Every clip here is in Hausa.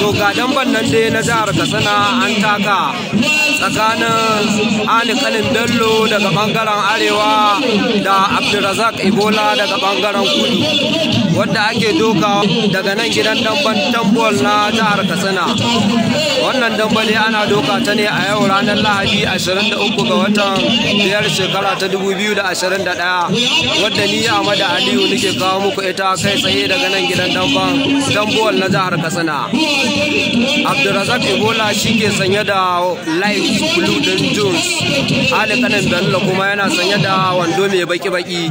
to ga damban nan dai na jihar katsina an taka tsakanin ali bello daga bangaren arewa da abdulrazak ebola daga bangaren kudu wadda ake doka daga nan gidan damban tambol na jihar katsina wannan dambali ana doka ta ne a yau ranar lahadi 23 ga watan biyar shekara ta 2021 wadda ni Ahmadu aliyu nake kawo muku ita kai tsaye daga nan gidan damban dambuwal na jihar katsina abdulrazak ebola shi ke sanye da light blue din jones ali kanin bello kuma yana sanye da wando mai baki-baki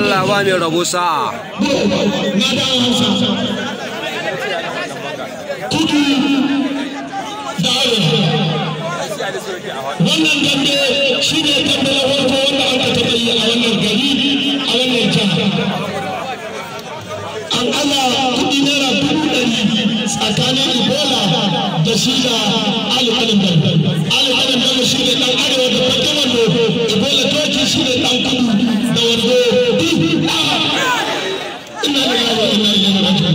allah ba mai rabo sa'a Kudu da arewa wannan dambe shi ne dambe na farko wanda aka taɓa yi a wannan gari a wannan jiha an ala kuɗi naira dubu ɗari tsakanin ibola da shi da alƙalin dambe alƙalin dambe shi ne ɗan arewa da fata wando ibola toki shi ne ɗan kudu da wando duk ina da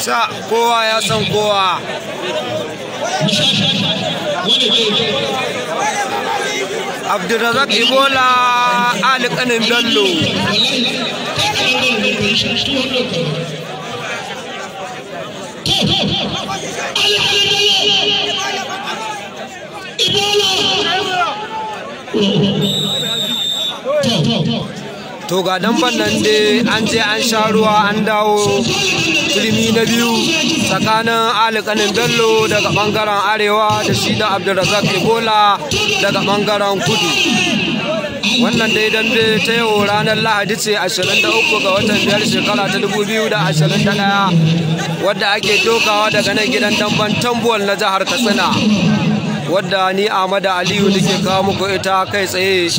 sa kowa ya san kowa abdulrazak ibola ali kanin bello to ga dan nan dai an je an sha ruwa an dawo turmi na biyu tsakanin alikanin bello daga bangaren arewa da shi da abdulrazak ebola daga bangaren kudu wannan dai dambe ta yau ranar lahadi ce 23 ga watan biyar shekara ta 2021 wadda ake dokawa daga nan gidan damban tambuwal na jihar katsina wadda ni Ahmad Aliyu nake kawo muku ita kai tsaye